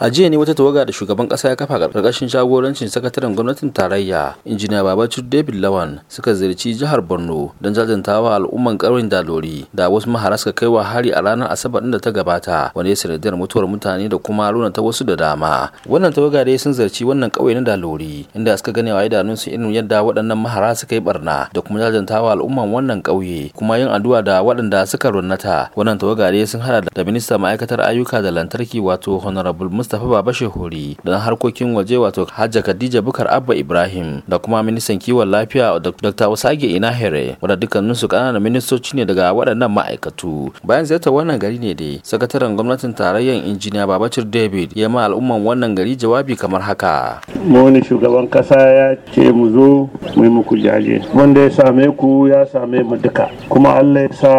a jiya ne wata tawaga da shugaban kasa ya kafa karkashin jagorancin sakataren gwamnatin tarayya injiniya babacir david lawan suka ziyarci jihar borno don jajantawa al'umman karin dalori da wasu mahara suka kai wa hari a ranar asabar din da ta gabata wani sanadiyar mutuwar mutane da kuma runa ta wasu da dama wannan tawaga dai sun zarci wannan kauye na dalori inda suka gane wa su irin yadda waɗannan mahara suka yi barna da kuma jajantawa al'umman wannan kauye kuma yin addu'a da waɗanda suka runnata wannan tawaga dai sun hada da minista ma'aikatar ayyuka da lantarki wato honorable mustapha baba shehuri da na harkokin waje wato hajja khadija bukar abba ibrahim da kuma ministan kiwon lafiya dr wasage inahere wadda dukkaninsu kananan ministoci ne daga waɗannan ma'aikatu bayan ziyartar wannan gari ne dai sakataren gwamnatin tarayyar injiniya babacir david ya ma al'umman wannan gari jawabi kamar haka wani shugaban kasa ya ce mu zo mu yi muku jaje wanda ya same ku ya same mu duka kuma allah ya sa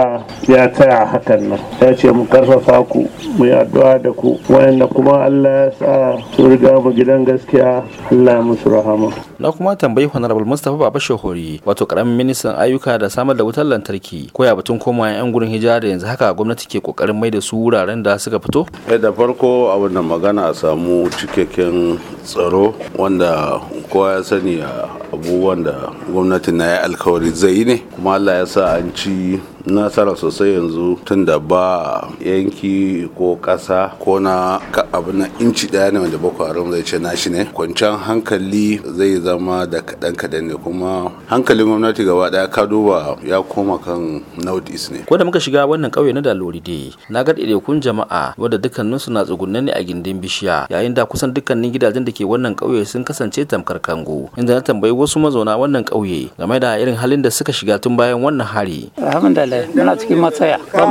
ya tsaya hakan nan ya ce mu karfafa ku mu yi addu'a da ku wayanda kuma Allah ya sa su riga mu gidan gaskiya Allah musu rahama. Na kuma tambayi Honorable Mustapha Baba Shehori wato karamin ministan ayyuka da samar da wutar lantarki ko ya batun koma yan gurin hijira da yanzu haka gwamnati ke kokarin mai da su wuraren da suka fito? Eh da farko a wannan magana a samu cikakken tsaro wanda kowa ya sani a abubuwan da gwamnati na ya alkawari zai yi ne kuma allah ya sa an ci nasara sosai yanzu tun da ba yanki ko kasa ko na abu na inci daya ne wanda boko haram zai ce nashi ne kwanciyar hankali zai zama da kaɗan kaɗan ne kuma hankalin gwamnati gaba ɗaya ka duba ya koma kan north east ne ko da muka shiga wannan ƙauye na dalori dai na ga ɗaiɗaikun jama'a wadda dukkaninsu na tsugunne ne a gindin bishiya yayin da kusan dukkanin gidajen da ke wannan ƙauye sun kasance tamkar kango inda na tambayi wasu wasu mazauna wannan ƙauye game da irin halin da suka shiga tun bayan wannan hari. Alhamdulillah muna cikin matsaya ba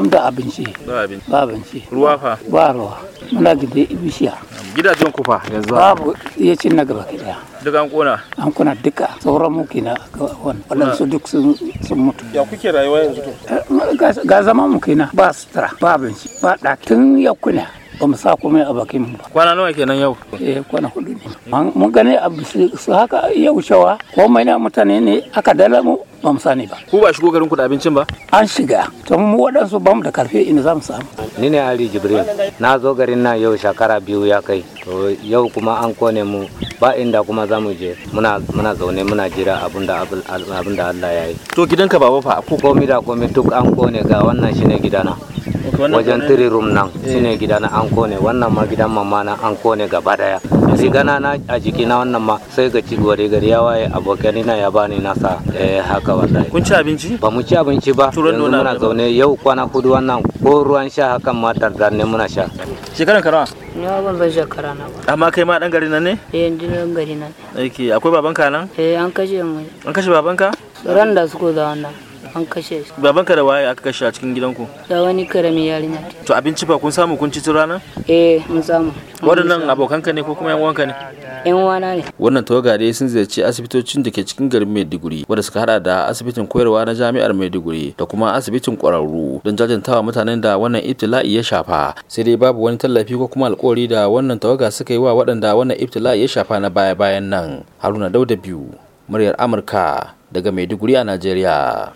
mu da abinci. Ba abinci. Ruwa fa? Ba ruwa. Muna gida bishiya. Gidajen kufa yanzu. Babu iya cin na gaba ɗaya. Duk an kona? An kona duka. Sauran mu kina wani. Wannan su duk sun mutu. Ya kuke rayuwa yanzu to? Eh, ga zama mu kina ba sutura ba abinci ba ɗaki tun ya kuna. bamusa sa komai a bakin mu kwana nawa kenan yau eh kwana hudu ne mun gane abu su haka yau ko mai na mutane ne aka dala mu ba mu sani ba ku ba shigo garin ku da abincin ba an shiga to mu waɗansu bamu da karfe ina za mu samu ni ne Ali Jibril na zo garin nan yau shekara biyu ya kai to yau kuma an kone mu ba inda kuma zamu je muna muna zaune muna jira abinda abinda Allah ya yi to gidanka baba fa ko komai da komai duk an kone ga wannan shine gidana wajen tiri nan eh. shine gida na anko ne wannan ma gidan mamma na anko ne gaba daya shi gana na a jiki na wannan ma sai ga ci gari gari ya waye abokan na ya bani nasa eh, haka wallahi kun ci abinci ba mu ci abinci ba yanzu muna zaune yau kwana hudu wannan ko ruwan sha hakan ma tardar ne muna sha shekaran karawa na ban bai shekara na ba amma kai ma dan gari nan ne eh dan gari nan ne akwai babanka nan eh an kashe mu an kashe babanka ran da suko da wannan an kashe shi ka da waye aka kashe a cikin gidanku da wani karami yarinya to abinci ba kun samu kun ci tun rana eh mun samu waɗannan ka ne ko kuma yan uwanka ne yan uwana ne wannan tawaga dai sun ziyarci asibitocin da ke cikin garin Maiduguri wanda suka hada da asibitin koyarwa na jami'ar Maiduguri da kuma asibitin ƙwararru don jajantawa mutanen da wannan ibtila'i ya shafa sai dai babu wani tallafi ko kuma alƙawari da wannan tawaga suka yi wa waɗanda wannan ibtila'i ya shafa na baya-bayan nan haruna dauda biyu muryar amurka daga maiduguri a najeriya